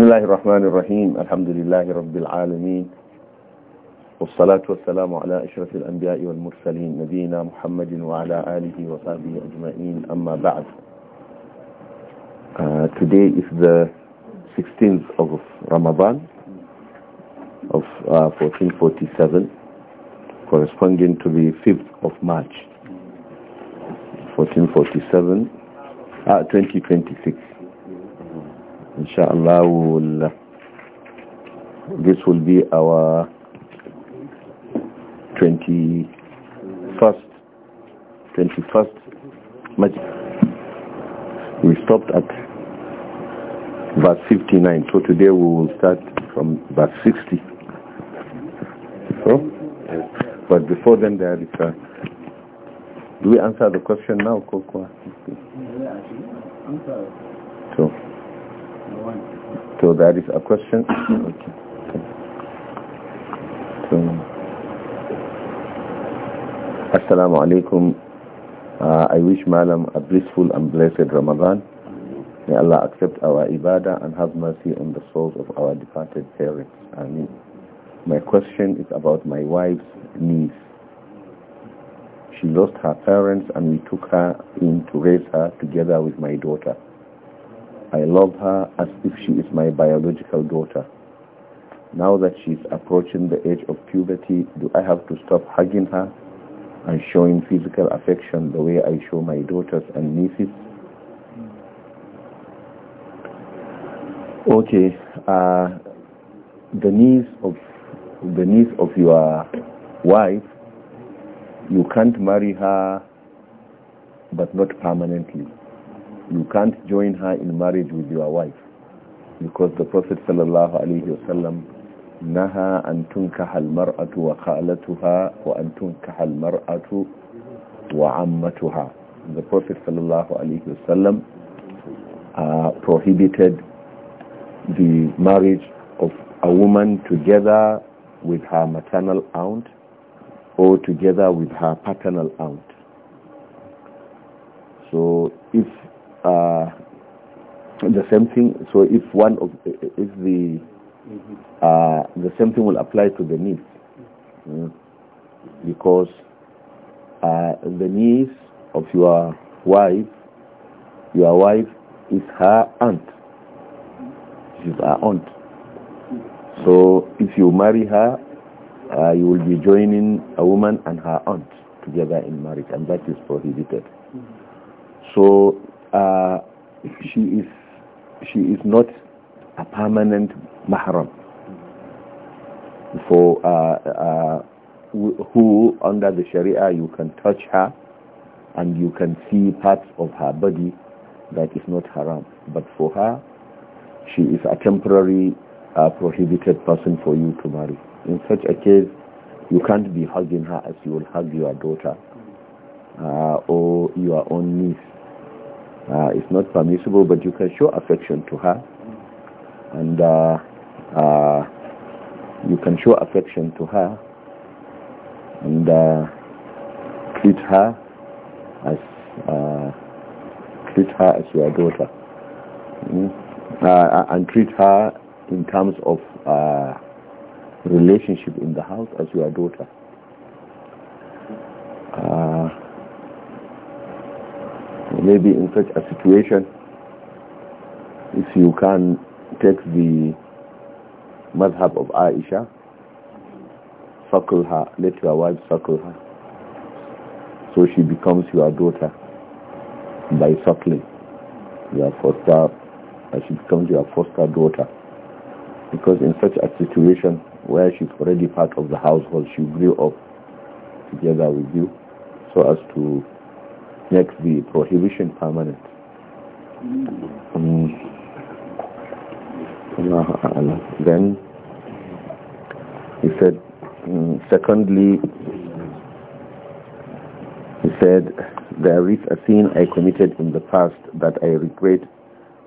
بسم الله الرحمن الرحيم الحمد لله رب العالمين والصلاة والسلام على أشرف الأنبياء والمرسلين نبينا محمد وعلى آله وصحبه أجمعين أما بعد uh, Today is the 16th of Ramadan of uh, 1447 corresponding to the 5th of March 1447 uh, 2026 inshallah will this will be our 21st 21st Majlis. we stopped at verse 59 so today we will start from verse 60 so but before then there is a do we answer the question now Kokwa? so so that is a question. okay. So, Assalamu alaikum. Uh, I wish Malam a blissful and blessed Ramadan. May Allah accept our ibadah and have mercy on the souls of our departed parents. Ameen. My question is about my wife's niece. She lost her parents and we took her in to raise her together with my daughter. I love her as if she is my biological daughter. Now that she is approaching the age of puberty, do I have to stop hugging her and showing physical affection the way I show my daughters and nieces? Okay, uh, the niece of the niece of your wife, you can't marry her, but not permanently you can't join her in marriage with your wife because the Prophet sallallahu alaihi wasallam نهى أن تنكح المرأة وخالتها وأن تنكح المرأة وعمتها The Prophet sallallahu alaihi wasallam uh, prohibited the marriage of a woman together with her maternal aunt or together with her paternal aunt. So if uh, the same thing so if one of if the uh, the same thing will apply to the niece mm, because uh, the niece of your wife your wife is her aunt she's her aunt so if you marry her uh, you will be joining a woman and her aunt together in marriage and that is prohibited so uh, she is she is not a permanent mahram for uh, uh who under the sharia you can touch her and you can see parts of her body that is not haram but for her she is a temporary uh, prohibited person for you to marry in such a case you can't be hugging her as you will hug your daughter uh, or your own niece uh, it's not permissible, but you can show affection to her, and uh, uh, you can show affection to her, and uh, treat her as uh, treat her as your daughter, mm? and treat her in terms of relationship in the house as your daughter maybe in such a situation if you can take the madhab of Aisha suckle her let your wife suckle her so she becomes your daughter by suckling your foster and she becomes your foster daughter because in such a situation where she's already part of the household she grew up together with you so as to Next, the prohibition permanent. Mm. Then he said, um, secondly, he said, there is a sin I committed in the past that I regret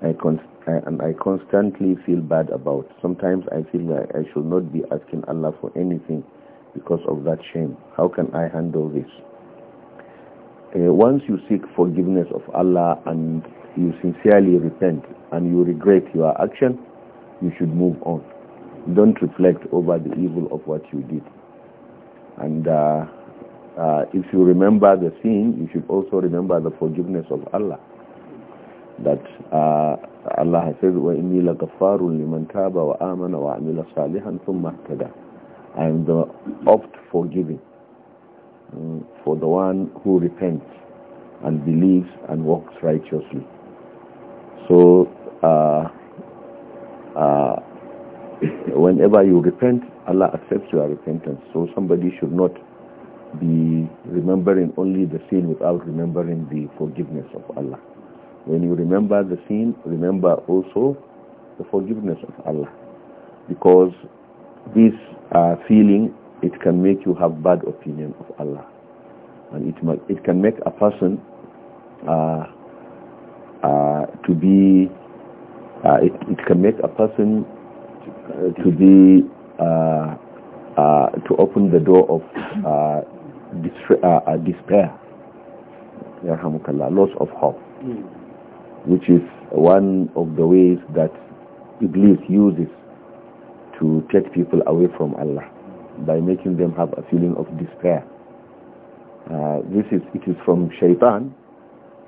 I and I constantly feel bad about. Sometimes I feel like I should not be asking Allah for anything because of that shame. How can I handle this? uh, once you seek forgiveness of Allah and you sincerely repent and you regret your action, you should move on. Don't reflect over the evil of what you did. And uh, uh, if you remember the sin, you should also remember the forgiveness of Allah. That uh, Allah has said, وَإِنِّي لَغَفَّارٌ لِمَنْ تَابَ وَآمَنَ وَعَمِلَ صَالِحًا ثُمَّ اهْتَدَى I am the oft forgiving Mm, for the one who repents and believes and walks righteously. So uh, uh, whenever you repent, Allah accepts your repentance. So somebody should not be remembering only the sin without remembering the forgiveness of Allah. When you remember the sin, remember also the forgiveness of Allah. Because this uh, feeling it can make you have bad opinion of Allah. And it, it can make a person uh, uh, to be, uh, it, it can make a person to be, uh, uh, to open the door of uh, despair, loss of hope, which is one of the ways that Iblis uses to take people away from Allah by making them have a feeling of despair. Uh, this is it is from shaitan.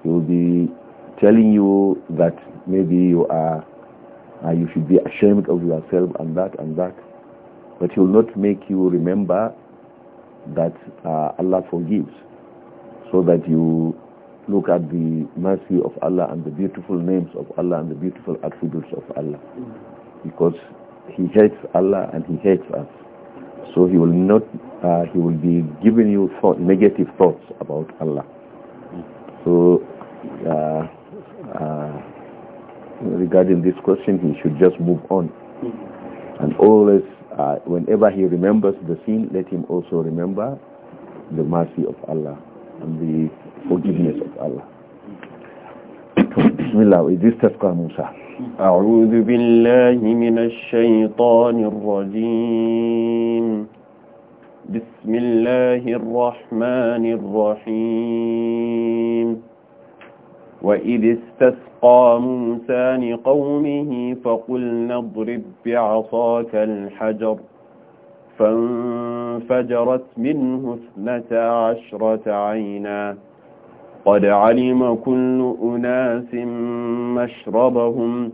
He will be telling you that maybe you are uh, you should be ashamed of yourself and that and that, but he will not make you remember that uh, Allah forgives, so that you look at the mercy of Allah and the beautiful names of Allah and the beautiful attributes of Allah, because He hates Allah and He hates us. So he will not, uh, he will be giving you thought, negative thoughts about Allah. So uh, uh, regarding this question, he should just move on. And always, uh, whenever he remembers the sin, let him also remember the mercy of Allah and the forgiveness of Allah. Bismillah, is this Tasqa Musa? أعوذ بالله من الشيطان الرجيم بسم الله الرحمن الرحيم وإذ استسقى موسى لقومه فقلنا اضرب بعصاك الحجر فانفجرت منه اثنتا عشرة عيناً قد علم كل أناس مشربهم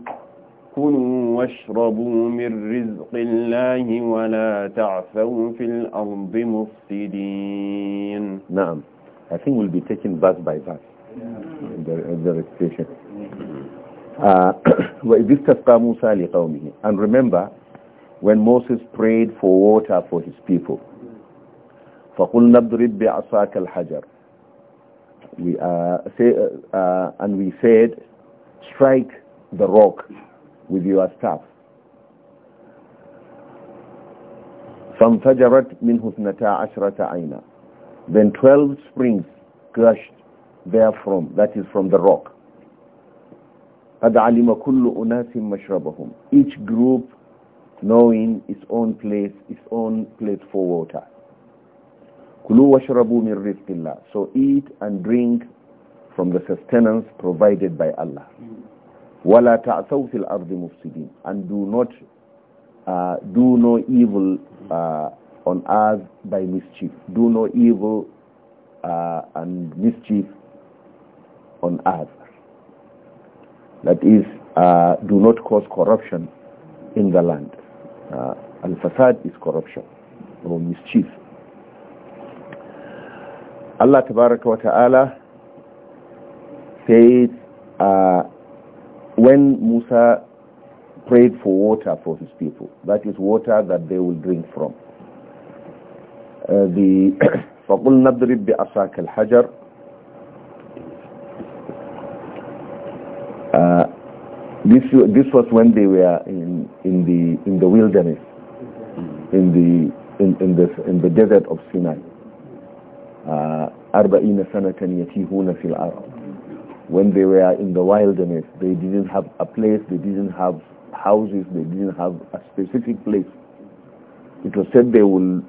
كلوا واشربوا من رزق الله ولا تعثوا في الأرض مفسدين نعم I think we'll be taking verse by verse the, the recitation وإذ موسى لقومه and remember when Moses prayed for water for his people mm-hmm. فقلنا اضرب بعصاك الحجر we uh, say, uh, uh, and we said, strike the rock with your staff. فانفجرت منه اثنتا عشرة عينا Then twelve springs gushed therefrom, that is from the rock. قد علم كل أناس مشربهم Each group knowing its own place, its own place for water. Kulu washrabu min rizqillah. So eat and drink from the sustenance provided by Allah. Wala ta'thaw fil ardi mufsidin. And do not uh, do no evil uh, on earth by mischief. Do no evil uh, and mischief on earth. That is, uh, do not cause corruption in the land. Uh, al-fasad is corruption or mischief. Allah tabaraka wa ta'ala said uh, when Musa prayed for water for his people, that is water that they will drink from. Uh, the فَقُلْ نَضْرِبْ بِأَصَاكَ الْحَجَرِ uh, this this was when they were in in the in the wilderness in the in in the in the desert of Sinai arba'ina sanatan yatihuna fil ard when they were in the wilderness they didn't have a place they didn't have houses they didn't have a specific place it was said they will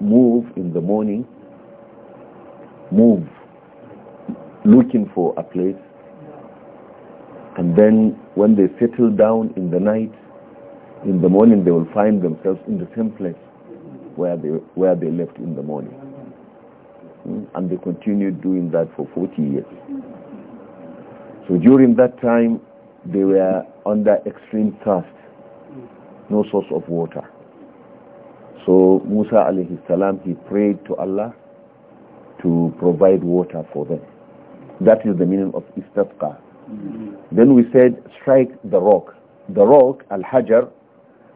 move in the morning move looking for a place and then when they settle down in the night in the morning they will find themselves in the same place where they where they left in the morning and they continued doing that for 40 years. So during that time, they were under extreme thirst, no source of water. So Musa alayhi salam, he prayed to Allah to provide water for them. That is the meaning of istafqa. Mm -hmm. Then we said, strike the rock. The rock, al-hajar,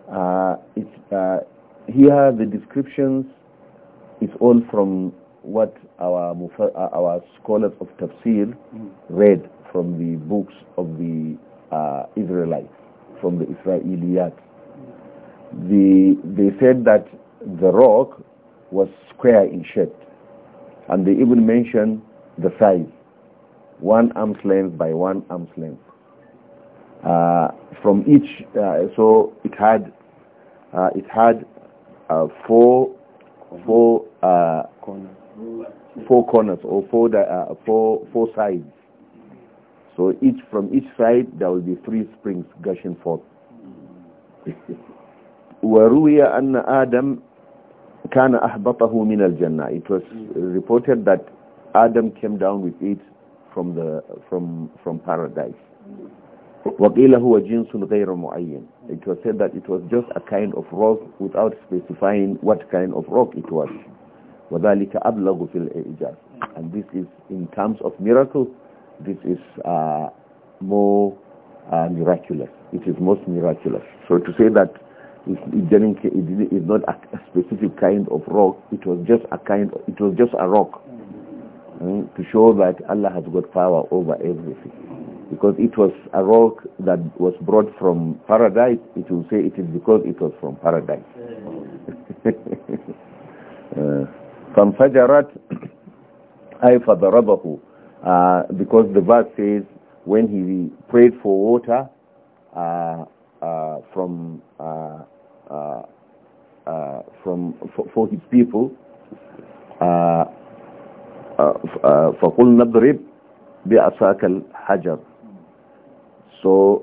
uh, uh, here the descriptions, it's all from what our, our scholars of tafsir hmm. read from the books of the uh, Israelites, from the Israeliyat. The, they said that the rock was square in shape, and they even mentioned the size, one arm's length by one arm's length. Uh, from each, uh, so it had, uh, it had uh, four, four uh, corners four corners or four, uh, four, four sides. So each from each side there will be three springs gushing forth. وروي أن آدم كان أحبطه من الجنة. It was reported that Adam came down with it from the from from paradise. وقيل هو جنس غير معين. It was said that it was just a kind of rock without specifying what kind of rock it was. وَذَلِكَ أَبْلَغُ فِي الْإِجَازِ And this is, in terms of miracle, this is uh, more uh, miraculous. It is most miraculous. So to say that it is not a, specific kind of rock, it was just a kind, of, it was just a rock mm, to show that Allah has got power over everything. Because it was a rock that was brought from paradise, it will say it is because it was from paradise. uh, فانفجرت أي فضربه uh, because the verse says when he prayed for water uh, uh, from uh, uh, uh, from for, for, his people فقل نضرب بعصاك الحجر so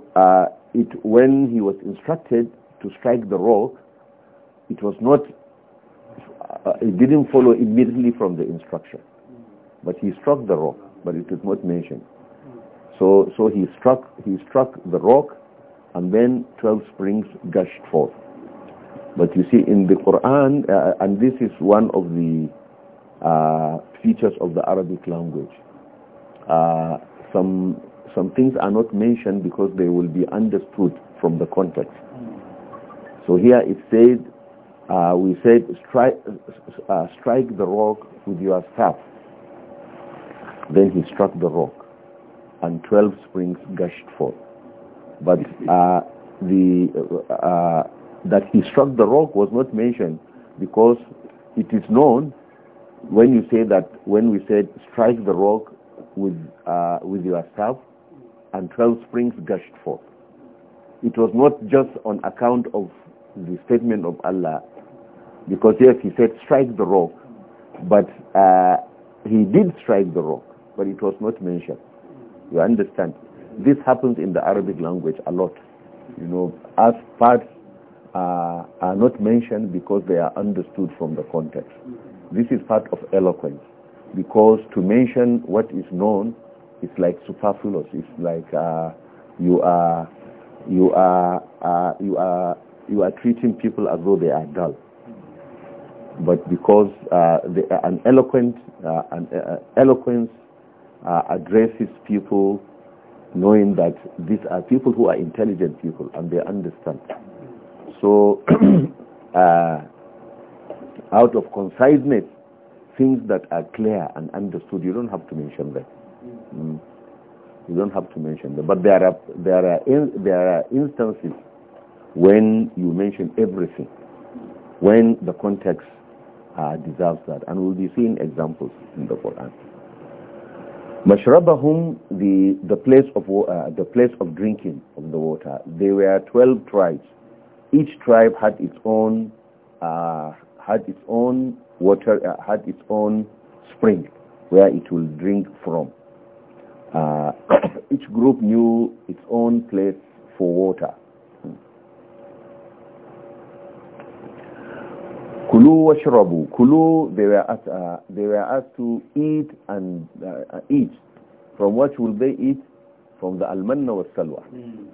it when he was instructed to strike the rock it was not uh, it didn't follow immediately from the instruction. But he struck the rock, but it is not mentioned. So, so he struck, he struck the rock, and then 12 springs gushed forth. But you see, in the Quran, uh, uh and this is one of the uh, features of the Arabic language. Uh, some some things are not mentioned because they will be understood from the context. So here it says uh, we said strike, uh, strike the rock with your staff. Then he struck the rock, and 12 springs gushed forth. But uh, the, uh, that he struck the rock was not mentioned because it is known when you say that, when we said strike the rock with, uh, with your staff, and 12 springs gushed forth. It was not just on account of the statement of Allah because yes, he said strike the rock, but uh, he did strike the rock, but it was not mentioned. You understand? This happens in the Arabic language a lot. You know, as parts uh, are not mentioned because they are understood from the context. This is part of eloquence, because to mention what is known is like superfluous. It's like uh, you are you are uh, you are you are treating people as though they are dull but because uh, the, uh, an eloquent uh, an, uh, uh eloquence uh, addresses people knowing that these are people who are intelligent people and they understand so out of conciseness things that are clear and understood you don't have to mention them mm. you don't have to mention them but there are there are in, there are instances when you mention everything when the context uh, deserves that. And we'll be seeing examples in the Quran. Mashrabahum, the, the, place of, uh, the place of drinking of the water. There were 12 tribes. Each tribe had its own, uh, had its own water, uh, had its own spring where it will drink from. Uh, each group knew its own place for water. Kulu washrabu. Kulu, they were asked, uh, they were asked to eat and uh, uh eat. From what will they eat? From the almanna wa salwa. Hmm.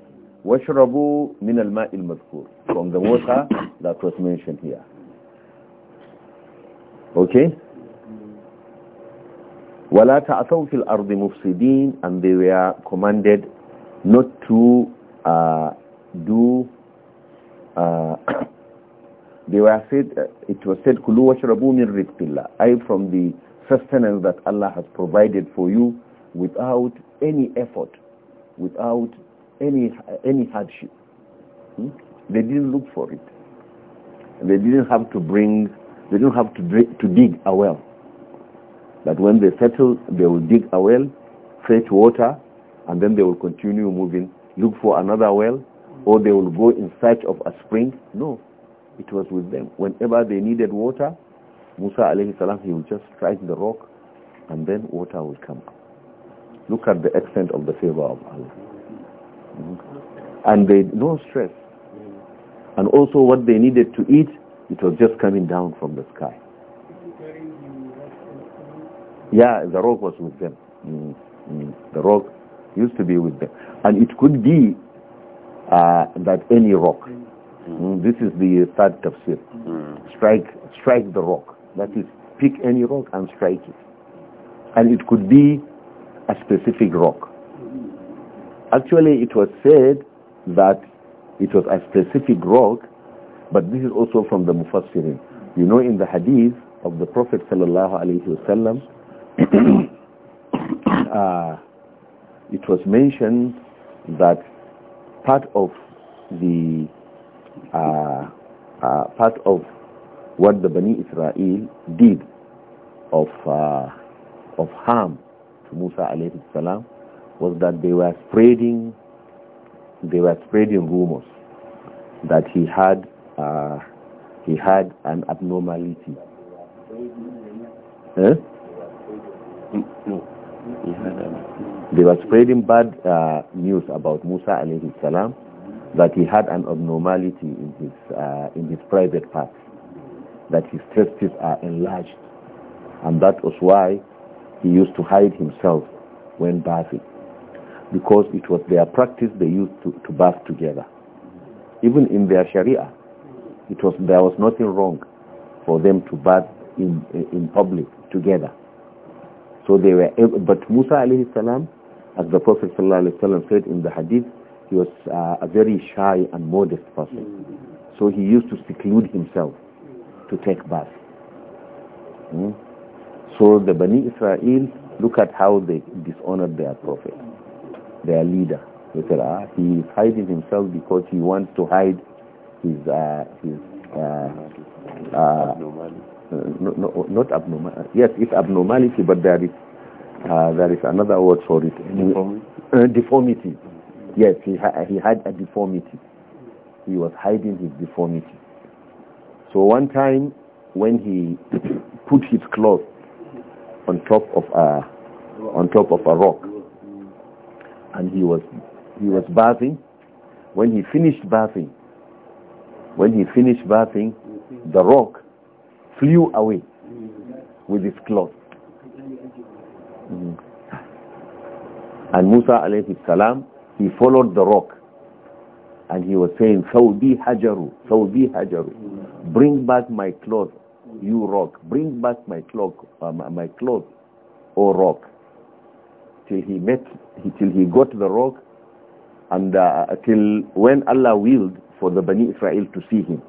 Washrabu min al-ma'i From the water that was mentioned here. Okay? وَلَا تَعْثَوْا فِي الْأَرْضِ مُفْسِدِينَ And they were commanded not to uh, do... Uh, they were said, uh, it was said, Kulu washrabu min rizqillah, I from the sustenance that Allah has provided for you without any effort, without any, any hardship. Hmm? They didn't look for it. They didn't have to bring, they didn't have to, to dig a well. But when they settle, they will dig a well, fetch water, and then they will continue moving, look for another well, or they will go in search of a spring. No, it was with them. Whenever they needed water, Musa alayhi salam, he would just strike the rock and then water would come. Look at the extent of the favor of Allah. Mm -hmm. And they no stress. And also what they needed to eat, it was just coming down from the sky. Yeah, the rock was with them. Mm -hmm. The rock used to be with them. And it could be uh, that any rock. Mm, this is the uh, third tafsir. Mm. Strike, strike the rock. That is, pick any rock and strike it. And it could be a specific rock. Actually, it was said that it was a specific rock, but this is also from the Mufassirin. You know, in the hadith of the Prophet sallallahu alaihi wasallam, uh, it was mentioned that part of the uh, uh, part of what the Bani Israel did of, uh, of harm to Musa alayhi salam was that they were spreading they were spreading rumors that he had uh, he had an abnormality. No. They were spreading bad uh, news about Musa alayhi salam that he had an abnormality in his, uh, in his private parts, that his testes are enlarged. And that was why he used to hide himself when bathing, because it was their practice they used to, to bath together. Even in their Sharia, it was, there was nothing wrong for them to bath in, in public together. So they were, but Musa alayhi salam, as the Prophet sallallahu alayhi salam said in the hadith, he was uh, a very shy and modest person. So he used to seclude himself to take bath. Mm? So the Bani Israel, look at how they dishonored their prophet, their leader. They said, ah, he is hiding himself because he wants to hide his, uh, his uh, uh, uh no, no, not abnormal. Uh, yes, it's abnormality, but there is uh, there is another word for it. Deformity. Uh, deformity. Yes, he, ha he had a deformity. He was hiding his deformity. So one time when he put his clothes on top of a on top of a rock, and he was he was bathing. When he finished bathing, when he finished bathing, the rock flew away with his cloth. Mm -hmm. And Musa alayhi salam he followed the rock and he was saying, Saudi Hajaru, Saudi Hajaru, bring back my cloth, you rock, bring back my cloth, uh, my cloth, O rock. Till he met, till he got the rock, and uh, till when Allah willed for the Bani Israel to see him.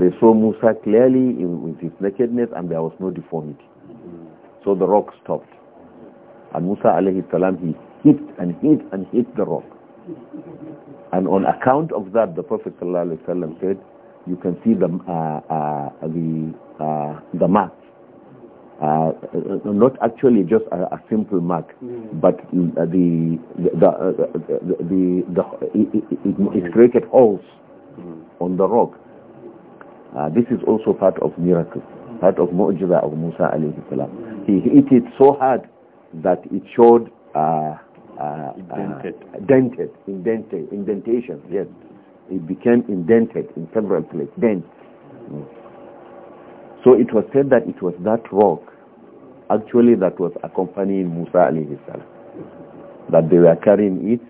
They saw Musa clearly in, with his nakedness and there was no deformity. So the rock stopped. And Musa alayhi salam, he hit and hit and hit the rock. And on account of that, the Prophet ﷺ said, you can see the, uh, uh the, uh, the mark uh, uh, not actually just a, a simple mark, mm. but the the the, the, the, the it, it, it, created holes mm. on the rock. Uh, this is also part of miracle, part of mu'jiza of Musa alayhi salam. He hit it so hard that it showed uh, uh, uh, indented. Uh, dented, indented, indentation, yes. It became indented in several places, dent. Mm. So it was said that it was that rock actually that was accompanying Musa alayhi salam. That they were carrying it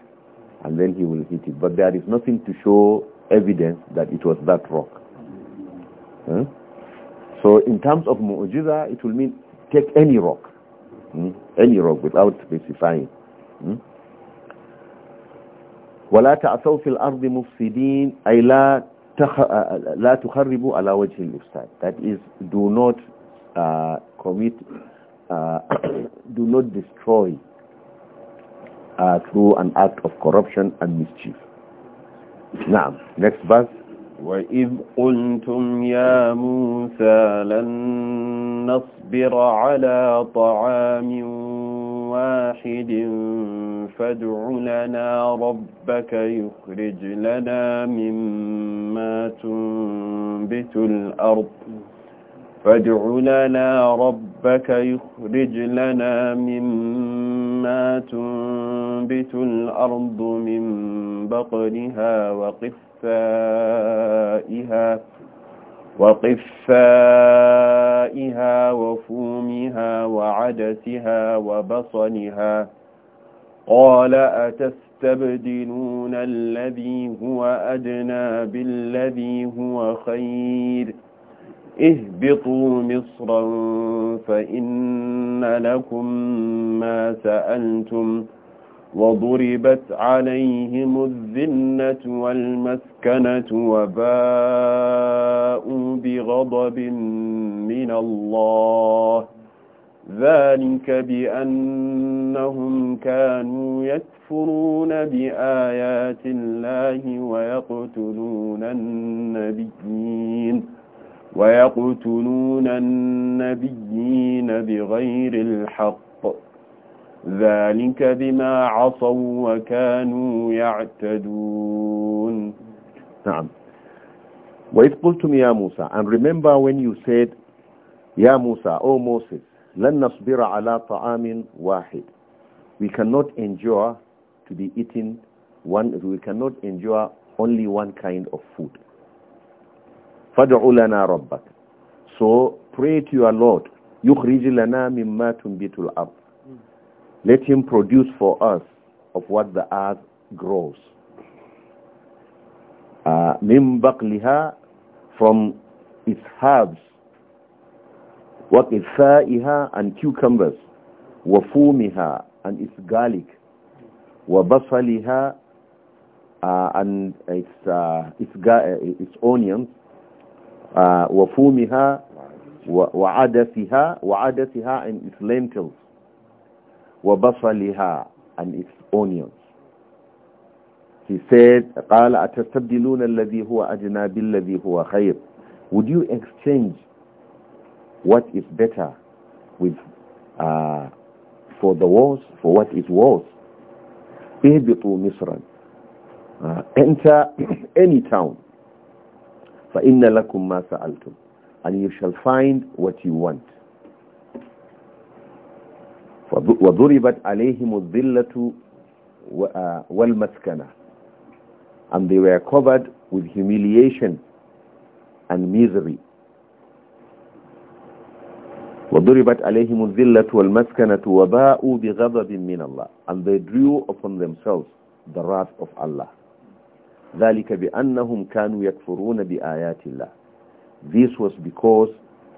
and then he will hit it. But there is nothing to show evidence that it was that rock. Hmm? So in terms of mu'jiza, it will mean take any rock, hmm? any rock without specifying. ولا تعثوا في الأرض مفسدين أي لا تخ... لا تخربوا على وجه الإفساد that is do not uh, commit uh, do not destroy uh, through an act of corruption and mischief نعم next verse وإذ قلتم يا موسى لن نصبر على طعام واحد فادع لنا ربك يخرج لنا مما تنبت الأرض فادع لنا ربك يخرج لنا مما تنبت الأرض من بقلها وقفائها وقفائها وفومها وعدسها وبصلها قال أتستبدلون الذي هو أدنى بالذي هو خير اهبطوا مصرا فإن لكم ما سألتم وضربت عليهم الذنة والمسكنة وباءوا بغضب من الله ذلك بأنهم كانوا يكفرون بآيات الله ويقتلون النبيين ويقتلون النبيين بغير الحق ذلك بما عصوا وكانوا يعتدون نعم وإذ قلتم يا موسى and remember when you said يا موسى oh Moses لن نصبر على طعام واحد we cannot endure to be eating one we cannot endure only one kind of food فادع لنا ربك so pray to your Lord يخرج لنا مما تنبت الأرض let him produce for us of what the earth grows. Uh, min uh, from its herbs, what is fa'iha and cucumbers, wa fumiha and its garlic, wa basaliha uh, and its, uh, its, uh, its onions, wa fumiha wa adasiha and its lentils. وَبَصَلِهَا and its onions. He said, قَالَ أَتَسْتَبْدِلُونَ الَّذِي هُوَ أَجْنَى بِالَّذِي هُوَ خَيْرٌ Would you exchange what is better with uh, for the worse, for what is worse? اهبطوا مصرا uh, Enter any town. فَإِنَّ لَكُمْ مَا سَأَلْتُمْ And you shall find what you want. وضربت عليهم الذلة والمسكنة and they were covered with humiliation and misery وضربت عليهم الذلة والمسكنة وباءوا بغضب من الله and they drew upon themselves the wrath of Allah ذلك بأنهم كانوا يكفرون بآيات الله this was because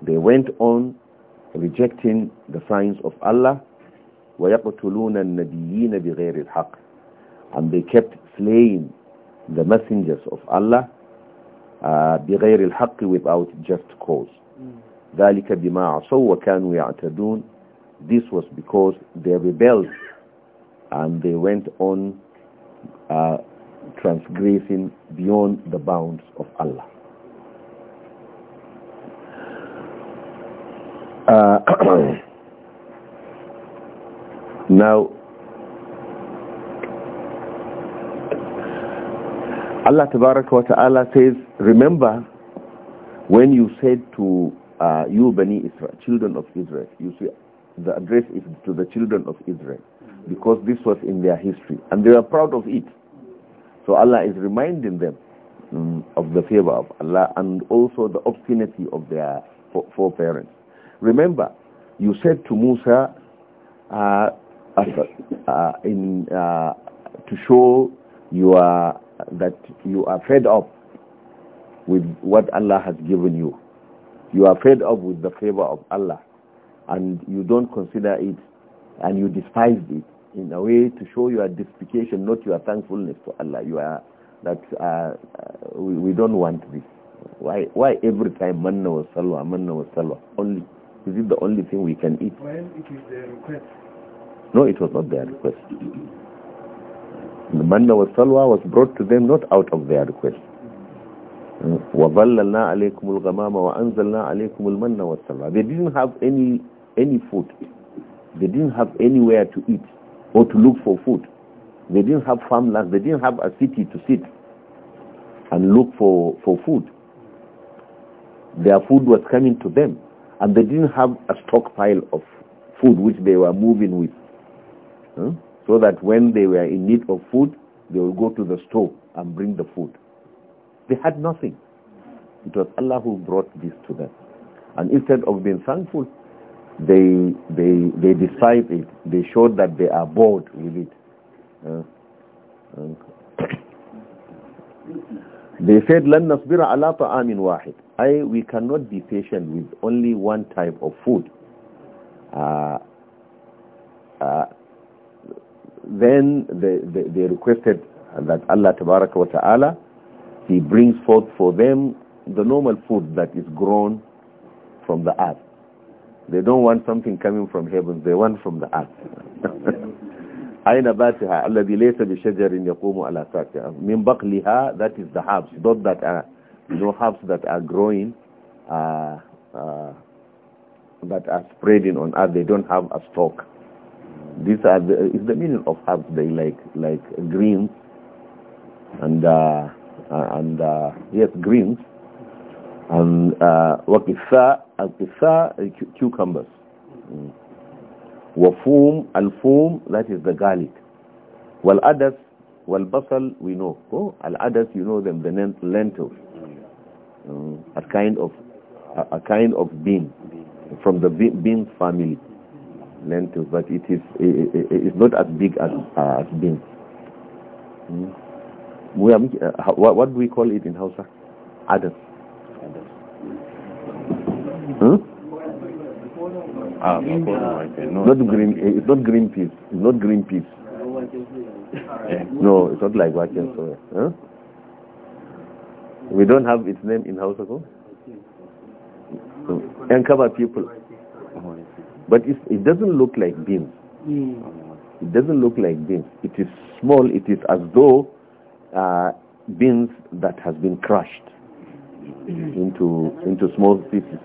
they went on rejecting the signs of Allah ويقتلون النبيين بغير الحق and they kept slaying the messengers of Allah uh, الحق without just cause ذلك بما عصوا وكانوا يعتدون this was because they rebelled and they went on uh, transgressing beyond the bounds of Allah uh, Now, Allah wa Ta'ala says, remember when you said to uh, you Bani Israel, children of Israel, you see the address is to the children of Israel because this was in their history and they were proud of it. So Allah is reminding them um, of the favor of Allah and also the obstinacy of their foreparents. Remember, you said to Musa, uh, uh, in uh, to show you are that you are fed up with what Allah has given you. You are fed up with the favor of Allah, and you don't consider it, and you despise it in a way to show your deprecation, not your thankfulness to Allah. You are that uh, uh, we, we, don't want this. Why? Why every time manna was salwa, manna was salwa? Only is it the only thing we can eat? Well, it is the request. No, it was not their request. The manna was salwa was brought to them not out of their request. وَظَلَّلْنَا عَلَيْكُمُ الْغَمَامَ وَأَنْزَلْنَا عَلَيْكُمُ الْمَنَّ وَالسَّلْوَى They didn't have any any food. They didn't have anywhere to eat or to look for food. They didn't have farmlands. They didn't have a city to sit and look for, for food. Their food was coming to them. And they didn't have a stockpile of food which they were moving with huh? so that when they were in need of food, they would go to the store and bring the food. They had nothing. It was Allah who brought this to them. And instead of being thankful, they they they decide it. They showed that they are bored with it. Uh, they said, لَن نَصْبِرَ عَلَىٰ طَعَامٍ وَاحِدٍ I, we cannot be patient with only one type of food. Uh, uh, then they, they, they requested that Allah Tabaraka wa Ta'ala, He brings forth for them the normal food that is grown from the earth. They don't want something coming from heaven, they want from the earth. أي نباتها الذي ليس بشجر يقوم على ساقها من بقلها that is the herbs not that are uh, you know herbs that are growing uh, uh, that are spreading on earth they don't have a stalk these are the, is the meaning of herbs. They like like greens and uh, uh, and uh, yes greens and wakitha uh, uh cucumbers. Mm. Wafum al fum that is the garlic. While others while basal we know. Oh, al others you know them the lentils. Mm. a kind of a, a kind of bean from the bean family to, but it is it is not as big as uh, as beans. Hmm? We are, uh, what, what do we call it in Hausa? Adam. Hmm? Ah, no, not green. It's not green peas. It's not green peas. no, it's not like waken soya. Huh? We don't have its name in Hausa. So, people. But it doesn't look like beans. Mm. It doesn't look like beans. It is small. It is as though uh, beans that has been crushed hmm. into into small pieces.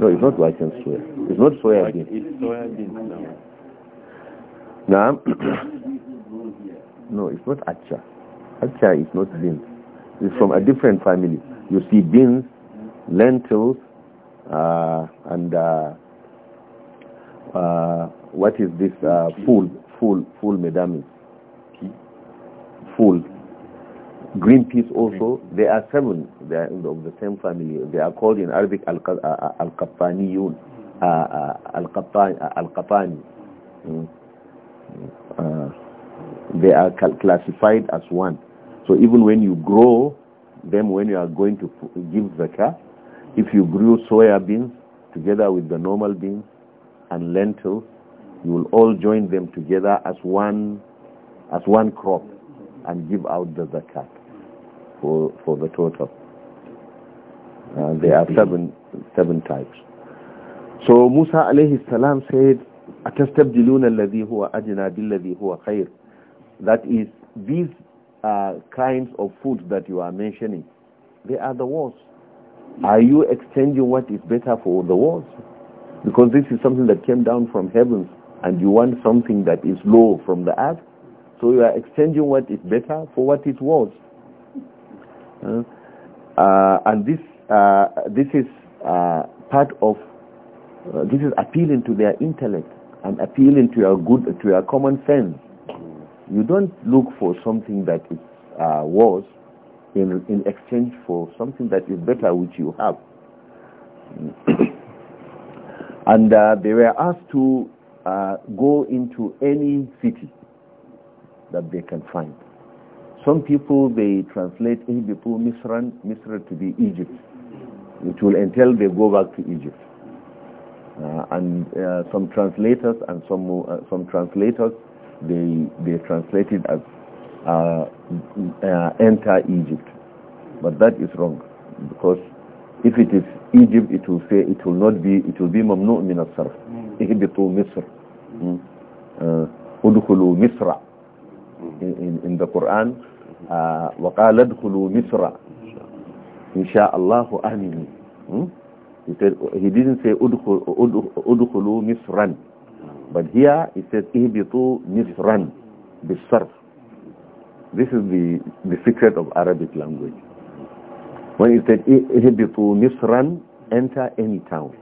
No, it's not rice and soya. It's not soya beans. It's soya beans No, No, it's not acha. Acha is not beans. It's from a different family. You see beans, lentils, uh, and uh, uh, what is this uh, full, full fool medami? Full. Green peas also, Green. they are seven, they are the, of the same family. They are called in Arabic al-Qattaniyun, uh, uh, uh, al mm. They are classified as one. So even when you grow them, when you are going to give zakah, if you grew soya beans together with the normal beans, and lentils, you will all join them together as one, as one crop and give out the zakat for, for the total. Uh, there are seven, seven types. So Musa alayhi salam said, أَتَسْتَبْدِلُونَ الَّذِي هُوَ أَجْنَى بِالَّذِي هُوَ خَيْرٌ That is, these uh, kinds of foods that you are mentioning, they are the worst. Are you exchanging what is better for the worst? Because this is something that came down from heavens and you want something that is low from the earth. So you are exchanging what is better for what is worse. Uh, uh, and this, uh, this is uh, part of, uh, this is appealing to their intellect and appealing to your good, to your common sense. You don't look for something that is uh, worse in, in exchange for something that is better which you have. And uh, they were asked to uh, go into any city that they can find. Some people, they translate Ibipu Misran, Misra to be Egypt, which will entail they go back to Egypt. Uh, and uh, some translators and some uh, some translators, they they translate it as uh, enter Egypt, but that is wrong because if it is Egypt it will say it will not be it will be ممنوع من الصرف اهبطوا مصر ادخلوا مصر in, in the Quran uh, وقال ادخلوا مصر إن شاء الله آمنوا hmm? he said he didn't say ادخلوا مصرا hmm. but here he said اهبطوا مصرا بالصرف this is the the secret of Arabic language when he said, to Misran, enter any town.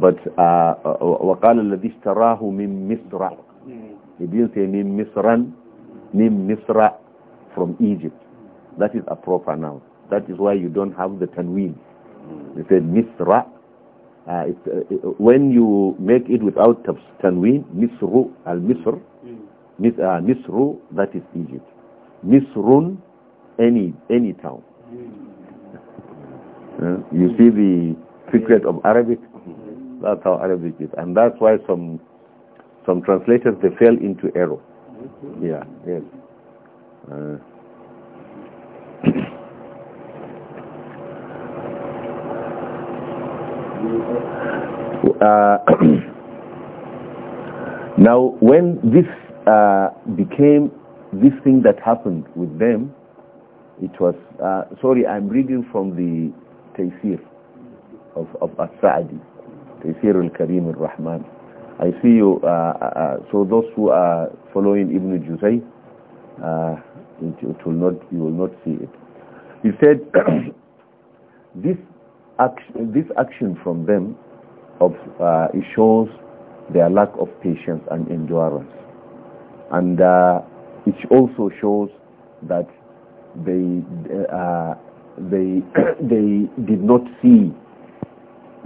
But uh, uh, uh, وقال الذي اشتراه من مصر He didn't say من Misran, من مصر from Egypt. That is a proper noun. That is why you don't have the tanween. He said Misra. Uh, it, uh, when you make it without tanween, Misru al-Misr, mis, uh, Misru, that is Egypt. Misrun, any any town. You see the secret of Arabic? Mm-hmm. That's how Arabic is. And that's why some some translators, they fell into error. Mm-hmm. Yeah, yes. Uh, uh, now, when this uh, became this thing that happened with them, it was, uh, sorry, I'm reading from the Taysir of, of As-Sa'di, Taysir al-Karim al-Rahman. I see you, uh, uh, so those who are following Ibn Juzay, uh, it, will not, you will not see it. He said, this, action, this action from them of, uh, it shows their lack of patience and endurance. And uh, it also shows that they uh, they they did not see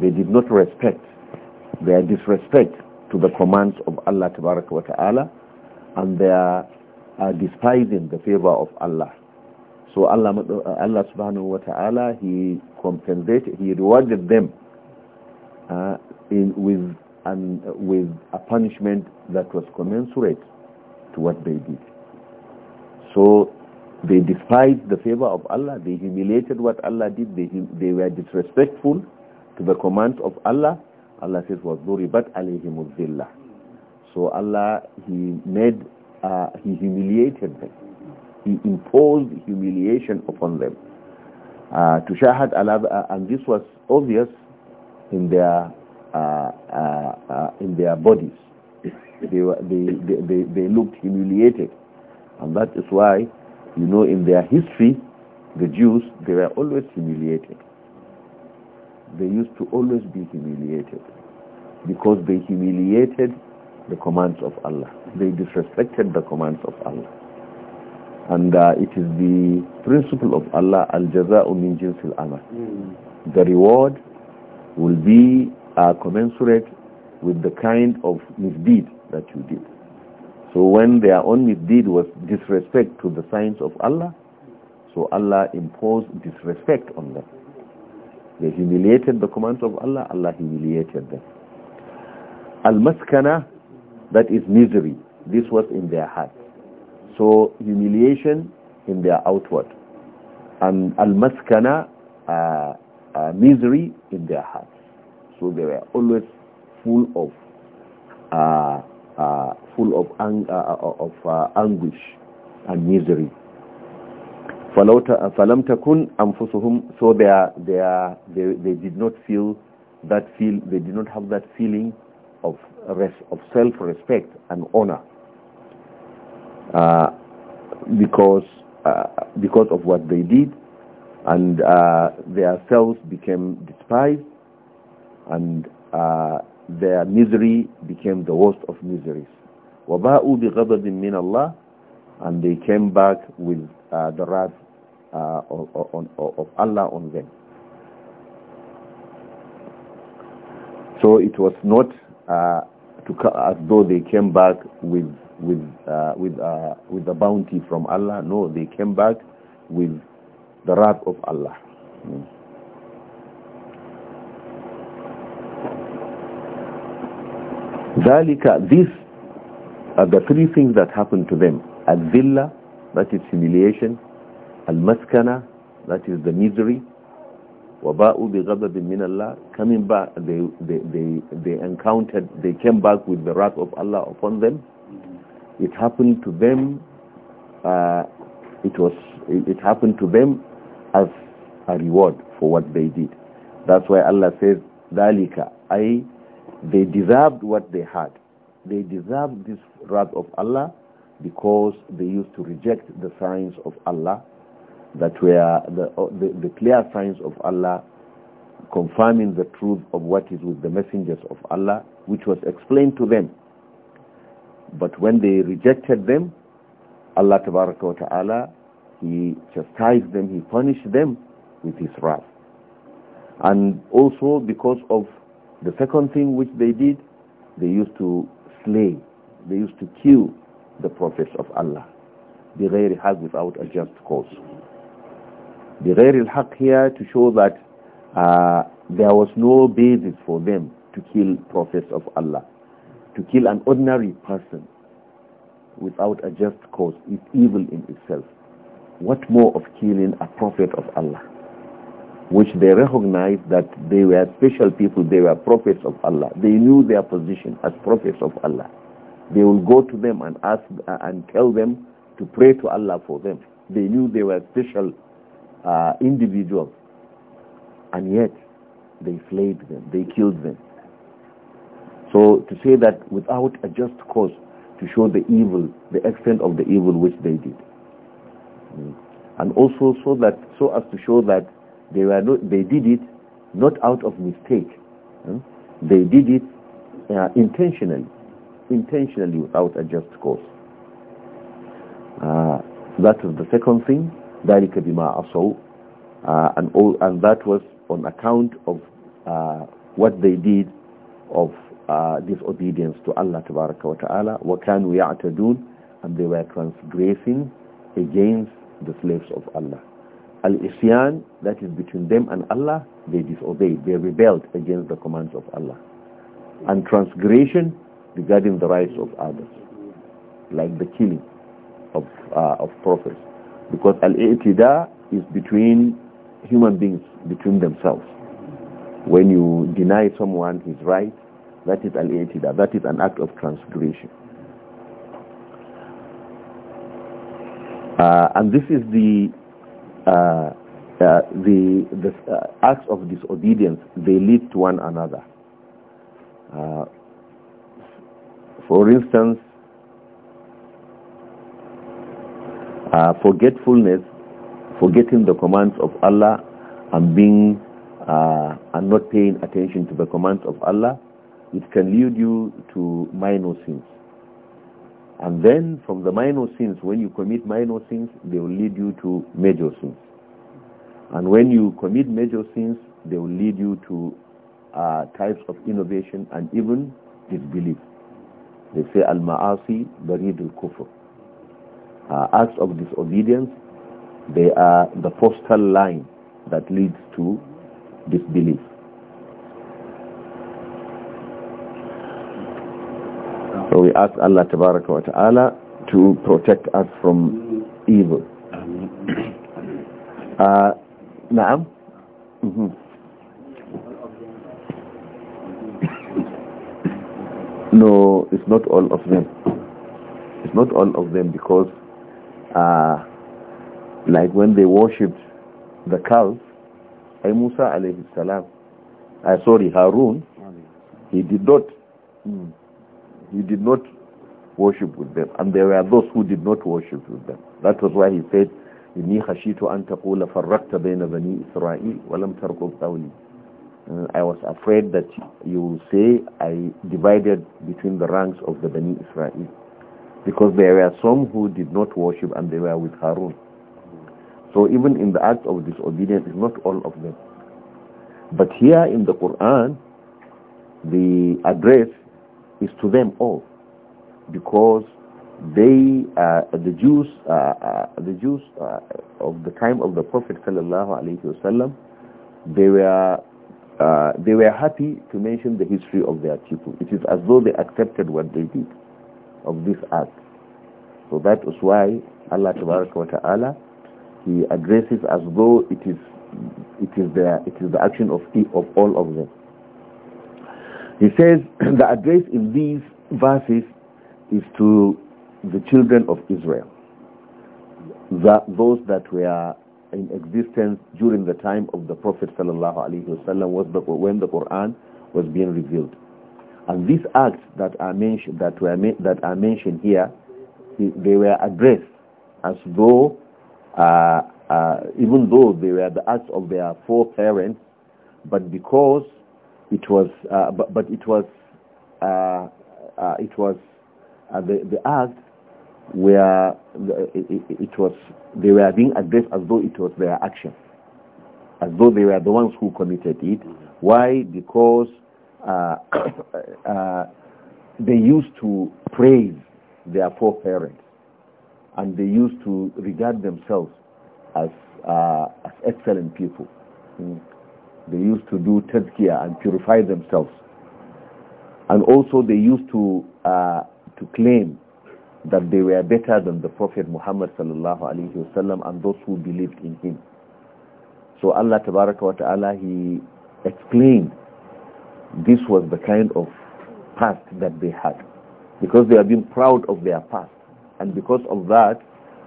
they did not respect their disrespect to the commands of Allah wa ta'ala and they uh, despising the favor of Allah so Allah Allah subhanahu wa ta'ala he compensated he rewarded them uh, in with and with a punishment that was commensurate to what they did so they despised the favor of Allah. They humiliated what Allah did. They, they were disrespectful to the commands of Allah. Allah says, وَضُرِبَتْ عَلَيْهِمُ الذِّلَّةِ So Allah, He made, uh, He humiliated them. He imposed humiliation upon them. Uh, to shahad Allah, uh, and this was obvious in their, uh, uh, in their bodies. They, were, they, they, they, they looked humiliated. And that is why you know, in their history, the Jews, they were always humiliated. They used to always be humiliated because they humiliated the commands of Allah. They disrespected the commands of Allah. And uh, it is the principle of Allah, al-jaza'u min jinsil amal. Hmm. The reward will be uh, commensurate with the kind of misdeed that you did. So when their only deed was disrespect to the signs of Allah, so Allah imposed disrespect on them. They humiliated the commands of Allah, Allah humiliated them. Al-maskana, that is misery. This was in their heart. So humiliation in their outward. And al-maskana, uh, uh, misery in their hearts. So they were always full of uh, uh, full of, ang uh, uh, uh, of anguish and misery falam takun anfusuhum so they are, they are, they, they did not feel that feel they did not have that feeling of res, of self respect and honor uh, because uh, because of what they did and uh, their selves became despised and their misery became the worst of miseries. وَبَاءُوا بِغَضَبٍ مِّنَ اللَّهِ And they came back with uh, the wrath uh, of, of, Allah on them. So it was not uh, to, as though they came back with with uh, with uh, with the bounty from Allah. No, they came back with the wrath of Allah. Mm. ذَلِكَ These are the three things that happened to them. Al-dhilla, that is humiliation. Al-maskana, that is the misery. وَبَاءُ بِغَضَبٍ مِّنَ Allah. Coming back, they, they, they, they encountered, they came back with the wrath of Allah upon them. It happened to them, uh, it was, it happened to them as a reward for what they did. That's why Allah says, ذَلِكَ I. They deserved what they had. They deserved this wrath of Allah because they used to reject the signs of Allah that were the, uh, the, the clear signs of Allah confirming the truth of what is with the messengers of Allah, which was explained to them. But when they rejected them, Allah Ta'ala, He chastised them, He punished them with His wrath. And also because of the second thing which they did, they used to slay, they used to kill the prophets of Allah. بغير حق without a just cause. بغير الحق here to show that uh, there was no basis for them to kill prophets of Allah. To kill an ordinary person without a just cause is evil in itself. What more of killing a prophet of Allah? which they recognized that they were special people, they were prophets of Allah. They knew their position as prophets of Allah. They will go to them and ask uh, and tell them to pray to Allah for them. They knew they were special uh, individuals. And yet, they slayed them, they killed them. So to say that without a just cause, to show the evil, the extent of the evil which they did. And also so that, so as to show that they, were not, they did it not out of mistake. Hmm? They did it uh, intentionally, intentionally without a just cause. Uh, that was the second thing, ذَلِكَ بِمَا uh, and, all, and that was on account of uh, what they did of uh, disobedience to Allah Tabaraka wa Ta'ala, وَكَانُوا يَعْتَدُونَ And they were transgressing against the slaves of Allah. Al-Isyan, that is between them and Allah, they disobeyed, they rebelled against the commands of Allah. And transgression regarding the rights of others, like the killing of, uh, of prophets. Because Al-Iqtida is between human beings, between themselves. When you deny someone his right, that is Al-Iqtida, that is an act of transgression. Uh, and this is the uh, uh, the, the uh, acts of disobedience, they lead to one another. Uh, for instance, uh, forgetfulness, forgetting the commands of Allah and being and not paying attention to the commands of Allah, it can lead you to minor sins. And then from the minor sins, when you commit minor sins, they will lead you to major sins. And when you commit major sins, they will lead you to uh, types of innovation and even disbelief. They say al-ma'asi barid al-kufr. Uh, acts of disobedience, they are the postal line that leads to disbelief. So we ask Allah Tabaraka wa Ta'ala to protect us from evil. Uh, Naam? Mm -hmm. No, it's not all of them. It's not all of them because uh, like when they worshipped the calf, I Musa alayhi salam, uh, sorry, Harun, he did not mm, he did not worship with them. And there were those who did not worship with them. That was why he said, إِنِّي خَشِيتُ أَن تَقُولَ فَرَّقْتَ بَيْنَ بَنِي إِسْرَائِيل I was afraid that you will say I divided between the ranks of the Bani Israel because there were some who did not worship and they were with Harun. So even in the act of disobedience, it's not all of them. But here in the Quran, the address is to them all because they uh, the Jews uh, uh the Jews uh, of the time of the Prophet sallallahu alaihi wasallam they were uh, they were happy to mention the history of their people. It is as though they accepted what they did of this act. So that is why Allah wa Ta'ala he addresses as though it is it is the it is the action of of all of them. He says the address in these verses is to the children of Israel, the, those that were in existence during the time of the Prophet sallallahu was when the Quran was being revealed. And these acts that are mentioned that were that are mentioned here, they were addressed as though, uh, uh, even though they were the acts of their foreparents, but because it was uh, but, but, it was uh, uh, it was uh, the the act where the, it, it, was they were being addressed as though it was their action as though they were the ones who committed it why because uh, uh, they used to praise their foreparents and they used to regard themselves as as excellent people mm. They used to do tazkiyah and purify themselves. And also they used to, uh, to claim that they were better than the Prophet Muhammad sallallahu alaihi wasallam and those who believed in him. So Allah wa ta'ala, he explained this was the kind of past that they had. Because they have been proud of their past. And because of that,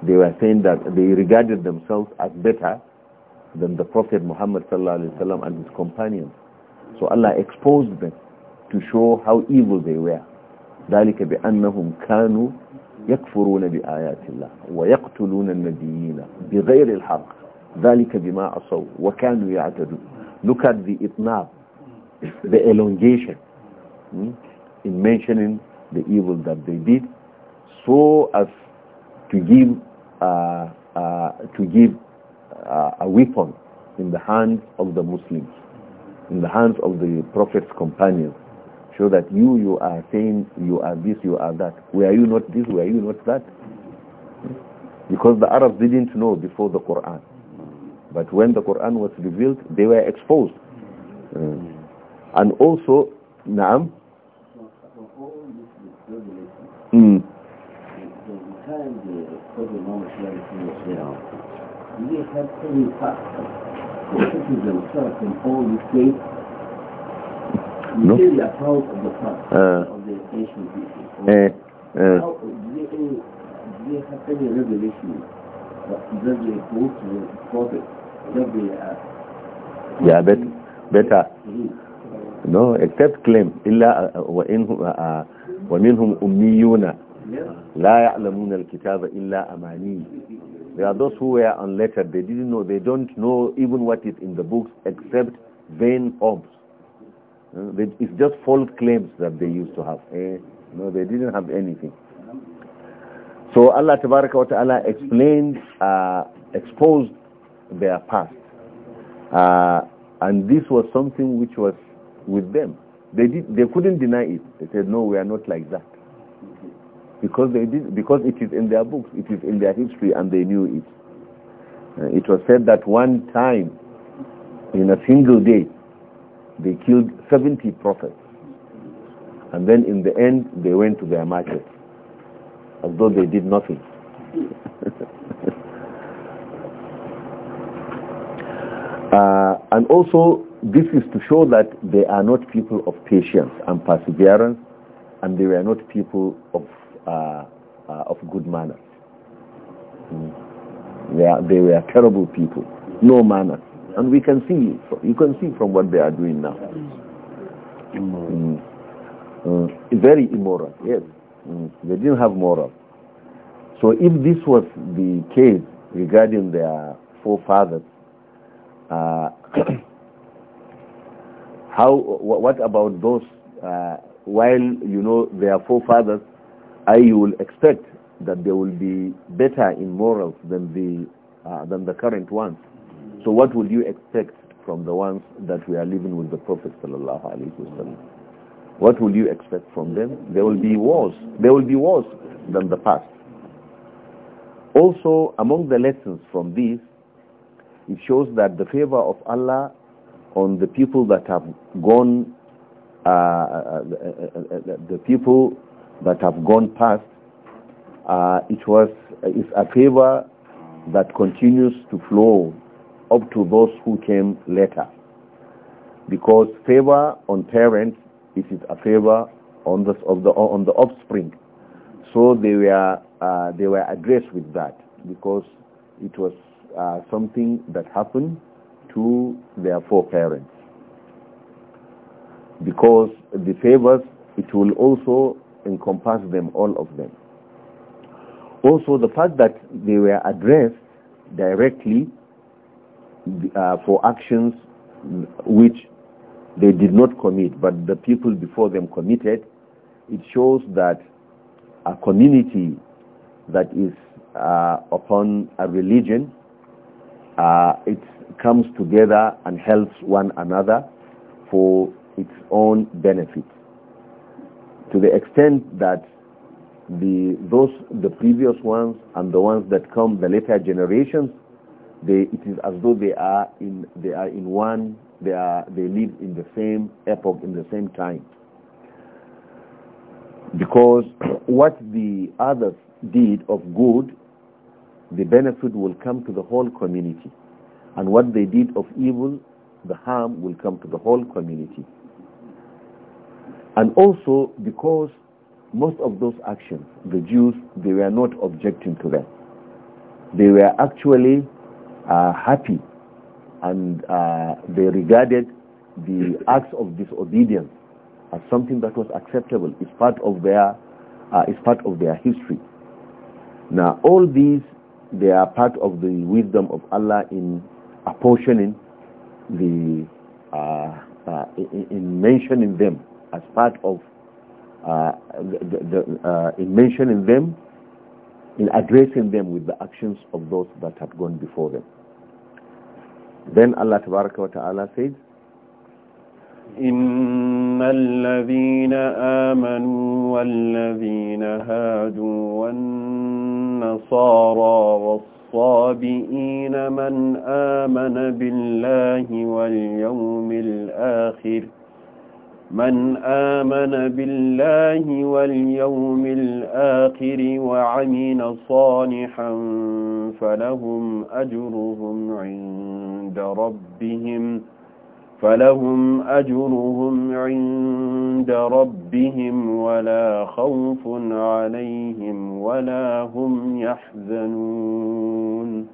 they were saying that they regarded themselves as better than the Prophet Muhammad and his companions. So Allah exposed them to show how evil they were. ذلك بأنهم كانوا يكفرون بآيات الله ويقتلون النبيين بغير الحق ذلك بما وكانوا يعتدون Look at the itnab, the elongation hmm, in mentioning the evil that they did so as to give uh, uh, to give uh, a weapon in the hands of the Muslims, in the hands of the Prophet's companions, so that you, you are saying you are this, you are that. Were you not this, were you not that? Because the Arabs didn't know before the Quran. But when the Quran was revealed, they were exposed. Uh, and also, Naam. Mm. they have any platform. This is themselves in all the states. No. You the account of the platform uh, of the ancient people. Uh, uh, How do they, have any revelation that they go to the prophet, that they are... Yeah, but better. No, except claim. إلا وإنهم ومنهم أميون لا يعلمون الكتاب إلا أماني There are those who were unlettered. They didn't know. They don't know even what is in the books except vain hopes. Uh, it's just false claims that they used to have. Eh? No, they didn't have anything. So Allah Tabaraka wa Ta'ala explained, uh, exposed their past. Uh, and this was something which was with them. They, did, they couldn't deny it. They said, no, we are not like that because they did because it is in their books it is in their history and they knew it uh, it was said that one time in a single day they killed 70 prophets and then in the end they went to their market as though they did nothing uh, and also this is to show that they are not people of patience and perseverance and they were not people of uh, uh, of good manners. Mm. They, are, they were terrible people, no manners. And we can see, you can see from what they are doing now. Mm. Mm. Very immoral, yes. Hmm. They didn't have moral. So if this was the case regarding their forefathers, uh, how, what about those, uh, while, you know, their forefathers I will expect that they will be better in morals than the, uh, than the current ones. So what would you expect from the ones that we are living with the Prophet sallallahu alaihi wasallam? What will you expect from them? There will be wars. There will be wars than the past. Also, among the lessons from this, it shows that the favor of Allah on the people that have gone, uh, uh, the people that have gone past, uh, it was uh, It's a favor that continues to flow up to those who came later. Because favor on parents is a favor on the, of the, on the offspring. So they were, uh, they were addressed with that because it was uh, something that happened to their foreparents. Because the favors, it will also encompass them, all of them. Also, the fact that they were addressed directly uh, for actions which they did not commit, but the people before them committed, it shows that a community that is uh, upon a religion, uh, it comes together and helps one another for its own benefit to the extent that the those the previous ones and the ones that come the later generations they it is as though they are in they are in one they are they live in the same epoch in the same time because what the others did of good the benefit will come to the whole community and what they did of evil the harm will come to the whole community and also because most of those actions, the Jews, they were not objecting to them. They were actually uh, happy and uh, they regarded the acts of disobedience as something that was acceptable. It's part of their, uh, it's part of their history. Now all these, they are part of the wisdom of Allah in apportioning the, uh, uh, in mentioning them as part of uh, the, the, uh, in mentioning them, in addressing them with the actions of those that had gone before them. Then Allah Ta'ala says, إن الذين آمنوا والذين هادوا والنصارى والصابئين من آمن بالله واليوم الآخر ۖ من آمن بالله واليوم الآخر وعمل صالحا فلهم أجرهم عند ربهم فلهم أجرهم عند ربهم ولا خوف عليهم ولا هم يحزنون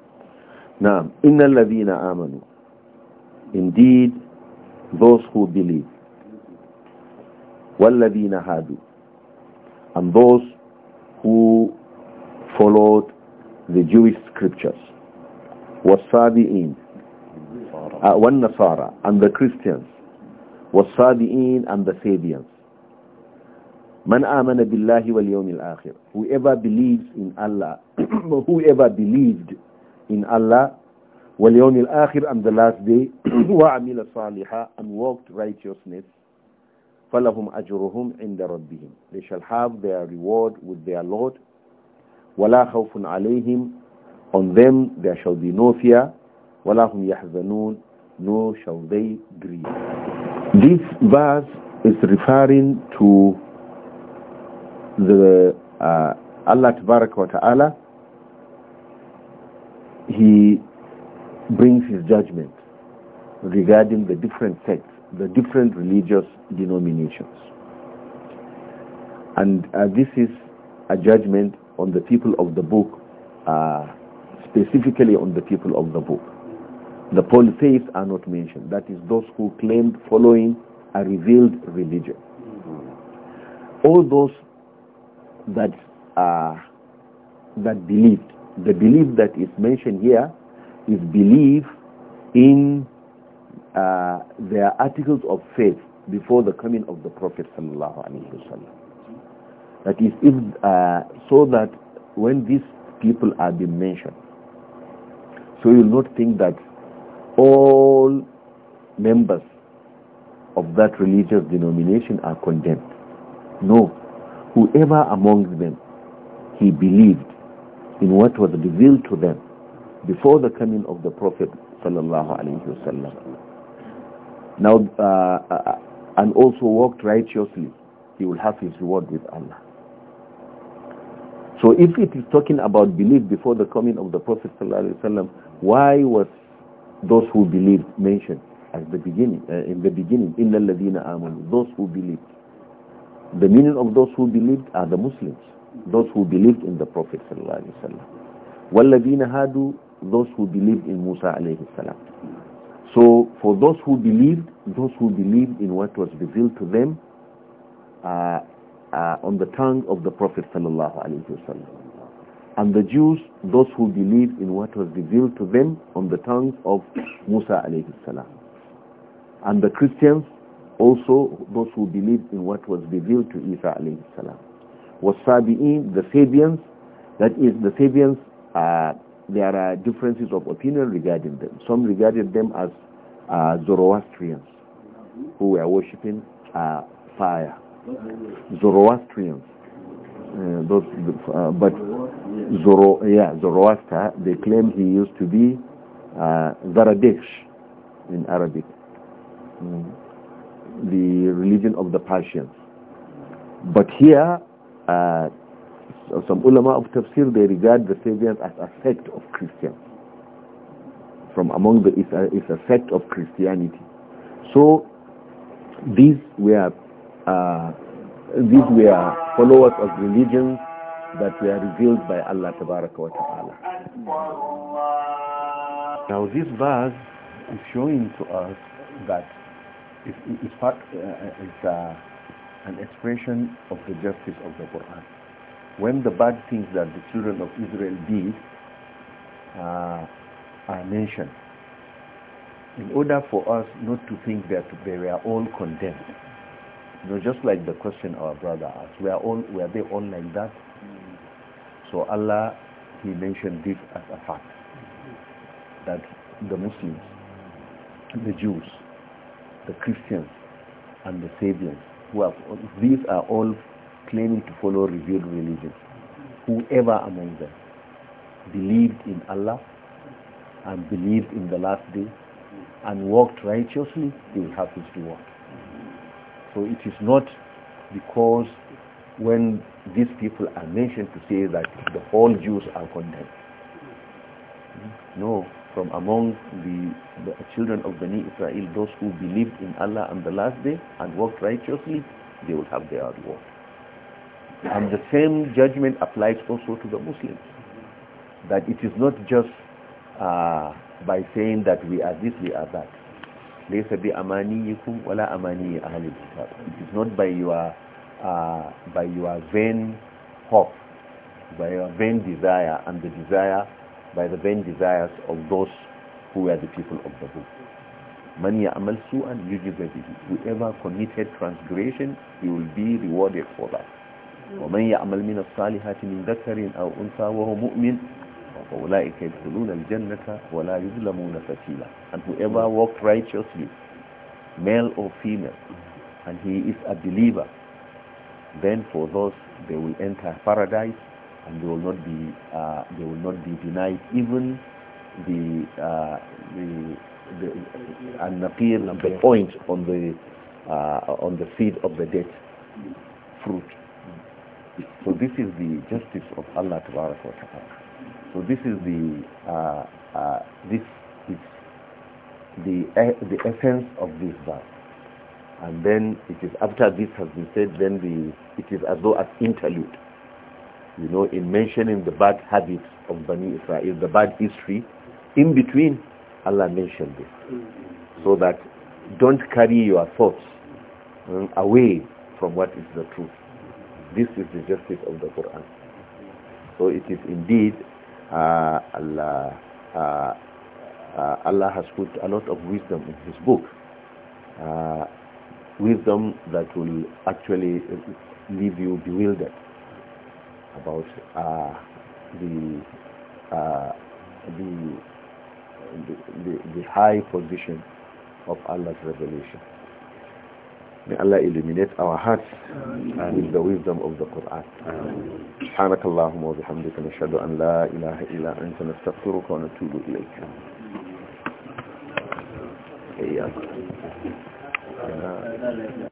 نعم إن الذين آمنوا indeed those who believe وَالَّذِينَ هَادُوا And those who followed the Jewish scriptures والصابئين uh, والنصارى and the Christians والصابئين and the Sabians من آمن بالله واليوم الآخر whoever believes in Allah whoever believed in Allah واليوم الآخر and the last day وعمل صالحا and walked righteousness فَلَهُمْ أَجْرُهُمْ عِنْدَ رَبِّهِمْ They shall have their reward with their Lord. وَلَا خَوْفٌ عَلَيْهِمْ On them there shall be no fear. وَلَا هُمْ يَحْزَنُونَ no shall they grieve. This verse is referring to the uh, Allah Ta'ala. He brings his judgment regarding the different sects the different religious denominations. And uh, this is a judgment on the people of the book, uh, specifically on the people of the book. The polytheists are not mentioned. That is those who claimed following a revealed religion. All those that uh, that believed, the belief that is mentioned here is belief in uh, their articles of faith before the coming of the Prophet sallallahu alaihi wasallam. That is, if uh, so that when these people are being mentioned, so you will not think that all members of that religious denomination are condemned. No, whoever among them he believed in what was revealed to them before the coming of the Prophet sallallahu alaihi wasallam now, uh, uh, and also walked righteously, he will have his reward with Allah. So if it is talking about belief before the coming of the Prophet ﷺ, why was those who believed mentioned at the beginning, uh, in the beginning, إِلَّا الَّذِينَ آمَنُوا Those who believed. The meaning of those who believed are the Muslims, those who believed in the Prophet ﷺ. وَالَّذِينَ هَادُوا Those who believed in Musa alayhi salam. So for those who believed, those who believed in what was revealed to them uh, uh, on the tongue of the Prophet sallallahu alaihi wasallam, and the Jews, those who believed in what was revealed to them on the tongues of Musa alayhi salam, and the Christians also those who believed in what was revealed to Isa alayhi salam. Was Sabi'in, the Sabians, that is the Sabians. Uh, there are differences of opinion regarding them. Some regarded them as uh, Zoroastrians who were worshipping uh, fire. Zoroastrians. Uh, those, uh, but Zoro, yeah, Zoroaster, they claim he used to be uh, Zaradesh in Arabic, mm. the religion of the Persians. But here, uh, some ulama of tafsir, they regard the Sabians as a sect of Christians. From among the, it's a, it's a sect of Christianity. So these were, uh, these were followers of religions that were revealed by Allah Tabaraka wa Ta'ala. Now this verse is showing to us that it's, it's, part, uh, it's uh, an expression of the justice of the Quran when the bad things that the children of Israel did uh, are mentioned, in order for us not to think that they were all condemned, you know, just like the question our brother asked, were, all, were they all like that? So Allah, He mentioned this as a fact, that the Muslims, the Jews, the Christians, and the Sabians, who have, these are all claiming to follow revealed religion. Whoever among them believed in Allah and believed in the last day and walked righteously, they will have his reward. So it is not because when these people are mentioned to say that the whole Jews are condemned. No, from among the, the children of Bani Israel, those who believed in Allah and the last day and worked righteously, they will have their reward. And the same judgment applies also to the Muslims. That it is not just uh, by saying that we are this, we are that. ليس بأمانيكم ولا أماني أهل الكتاب. It is not by your, uh, by your vain hope, by your vain desire and the desire, by the vain desires of those who were the people of the book. Man ya'amal su'an yujibu Whoever committed transgression, he will be rewarded for that. ومن يعمل من الصالحات من ذكر أو أنثى وهو مؤمن فأولئك يدخلون الجنة ولا يظلمون فتيلا and whoever walked righteously male or female and he is a believer then for those they will enter paradise and they will not be uh, they will not be denied even the uh, the the and appear the point on the uh, on the seed of the date fruit so this is the justice of Allah Ta'ala. So this is the uh, uh, this is the uh, the essence of this verse. And then it is after this has been said, then the it is as though as interlude. You know, in mentioning the bad habits of Bani Israel, the bad history, in between Allah mentioned this, so that don't carry your thoughts um, away from what is the truth. This is the justice of the Quran. So it is indeed uh, Allah, uh, uh, Allah has put a lot of wisdom in his book. Uh, wisdom that will actually leave you bewildered about uh, uh, the, the, the, the high position of Allah's revelation. May Allah illuminate our hearts and the wisdom of the Quran. Subhanakallahumma wa bihamdika nashhadu an la ilaha illa anta nastaghfiruka wa natubu ilayka. Iyyaka.